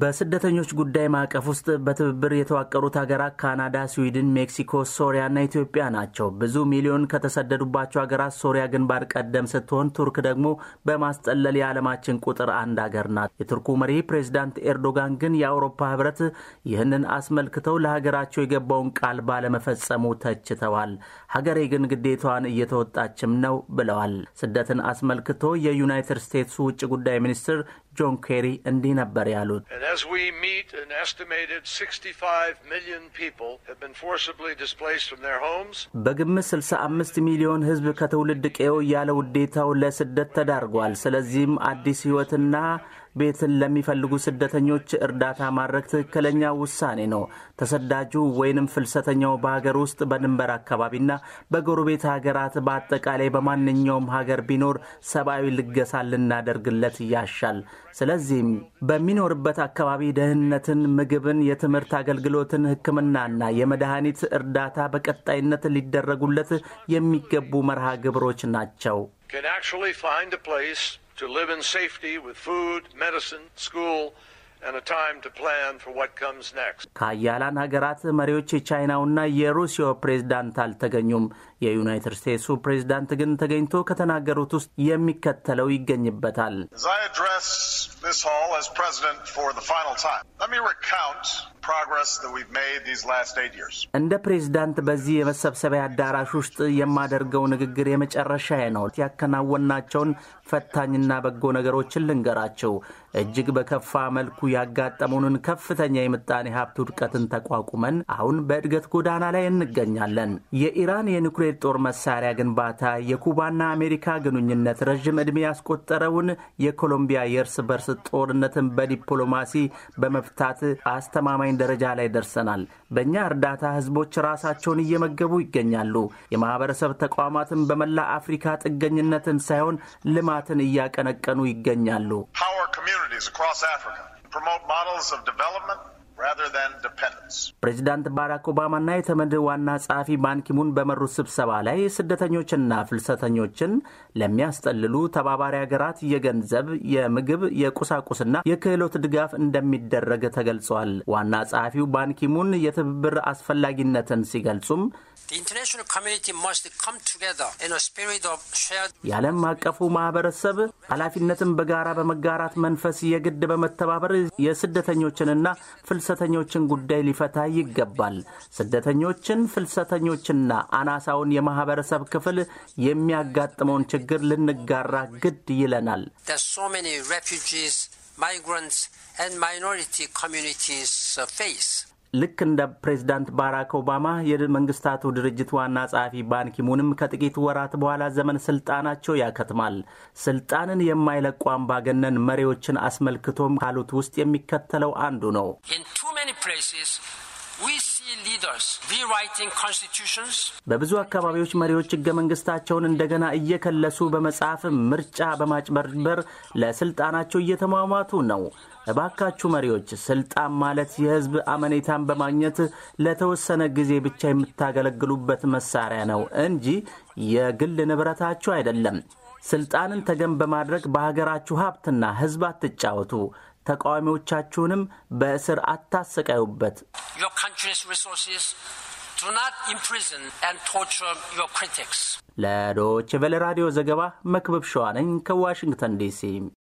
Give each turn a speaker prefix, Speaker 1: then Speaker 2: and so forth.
Speaker 1: በስደተኞች ጉዳይ ማዕቀፍ ውስጥ በትብብር የተዋቀሩት ሀገራት ካናዳ፣ ስዊድን፣ ሜክሲኮ፣ ሶሪያና ኢትዮጵያ ናቸው። ብዙ ሚሊዮን ከተሰደዱባቸው ሀገራት ሶሪያ ግንባር ቀደም ስትሆን፣ ቱርክ ደግሞ በማስጠለል የዓለማችን ቁጥር አንድ ሀገር ናት። የቱርኩ መሪ ፕሬዚዳንት ኤርዶጋን ግን የአውሮፓ ህብረት ይህንን አስመልክተው ለሀገራቸው የገባውን ቃል ባለመፈጸሙ ተችተዋል። ሀገሬ ግን ግዴታዋን እየተወጣችም ነው ብለዋል። ስደትን አስመልክቶ የዩናይትድ ስቴትስ ውጭ ጉዳይ ሚኒስትር ጆን ኬሪ እንዲህ ነበር ያሉት። በግምት 65 ሚሊዮን ሕዝብ ከትውልድ ቀዬው ያለ ውዴታው ለስደት ተዳርጓል። ስለዚህም አዲስ ሕይወትና ቤትን ለሚፈልጉ ስደተኞች እርዳታ ማድረግ ትክክለኛ ውሳኔ ነው። ተሰዳጁ ወይንም ፍልሰተኛው በሀገር ውስጥ በድንበር አካባቢና በጎረቤት ሀገራት በአጠቃላይ በማንኛውም ሀገር ቢኖር ሰብአዊ ልገሳ ልናደርግለት ያሻል። ስለዚህም በሚኖርበት አካባቢ ደህንነትን፣ ምግብን፣ የትምህርት አገልግሎትን፣ ሕክምናና የመድኃኒት እርዳታ በቀጣይነት ሊደረጉለት የሚገቡ መርሃ ግብሮች ናቸው። to live in safety with food, medicine, school, ከአያላን ሀገራት መሪዎች የቻይናውና የሩሲያው ፕሬዝዳንት አልተገኙም። የዩናይትድ ስቴትሱ ፕሬዝዳንት ግን ተገኝቶ ከተናገሩት ውስጥ የሚከተለው ይገኝበታል። this hall as president for the final time. Let me recount progress that we've made these last eight years. እንደ ፕሬዝዳንት በዚህ የመሰብሰቢያ አዳራሽ ውስጥ የማደርገው ንግግር የመጨረሻዬ ነው። ያከናወናቸውን ፈታኝና በጎ ነገሮችን ልንገራቸው። እጅግ በከፋ መልኩ ያጋጠሙንን ከፍተኛ የምጣኔ ሀብት ውድቀትን ተቋቁመን አሁን በእድገት ጎዳና ላይ እንገኛለን። የኢራን የኒኩሌር ጦር መሳሪያ ግንባታ፣ የኩባና አሜሪካ ግንኙነት፣ ረዥም ዕድሜ ያስቆጠረውን የኮሎምቢያ የእርስ በርስ ጦርነትን በዲፕሎማሲ በመፍታት አስተማማኝ ደረጃ ላይ ደርሰናል። በእኛ እርዳታ ህዝቦች ራሳቸውን እየመገቡ ይገኛሉ። የማህበረሰብ ተቋማትን በመላ አፍሪካ ጥገኝነትን ሳይሆን ልማትን እያቀነቀኑ ይገኛሉ። ፕሬዚዳንት ባራክ ኦባማና የተመድ ዋና ጸሐፊ ባንኪሙን በመሩት ስብሰባ ላይ ስደተኞችና ፍልሰተኞችን ለሚያስጠልሉ ተባባሪ ሀገራት የገንዘብ፣ የምግብ፣ የቁሳቁስና የክህሎት ድጋፍ እንደሚደረግ ተገልጿል። ዋና ጸሐፊው ባንኪሙን የትብብር አስፈላጊነትን ሲገልጹም የዓለም አቀፉ ማህበረሰብ ኃላፊነትን በጋራ በመጋራት መንፈስ የግድ በመተባበር የስደተኞችንና ፍልሰ የፍልሰተኞችን ጉዳይ ሊፈታ ይገባል። ስደተኞችን፣ ፍልሰተኞችና አናሳውን የማህበረሰብ ክፍል የሚያጋጥመውን ችግር ልንጋራ ግድ ይለናል። ማይግራንትስ ማይኖሪቲ ኮሚኒቲስ ፌስ ልክ እንደ ፕሬዚዳንት ባራክ ኦባማ የመንግስታቱ ድርጅት ዋና ጸሐፊ ባንኪሙንም ከጥቂት ወራት በኋላ ዘመን ስልጣናቸው ያከትማል። ስልጣንን የማይለቁ አምባገነን መሪዎችን አስመልክቶም ካሉት ውስጥ የሚከተለው አንዱ ነው። በብዙ አካባቢዎች መሪዎች ህገ መንግስታቸውን እንደገና እየከለሱ በመጻፍ ምርጫ በማጭበርበር ለስልጣናቸው እየተሟሟቱ ነው። እባካችሁ መሪዎች፣ ስልጣን ማለት የህዝብ አመኔታን በማግኘት ለተወሰነ ጊዜ ብቻ የምታገለግሉበት መሳሪያ ነው እንጂ የግል ንብረታችሁ አይደለም። ስልጣንን ተገን በማድረግ በሀገራችሁ ሀብትና ህዝብ አትጫወቱ። ተቃዋሚዎቻችሁንም በእስር አታሰቃዩበት። ለዶች ቬለ ራዲዮ ዘገባ መክበብ ሸዋነኝ ከዋሽንግተን ዲሲ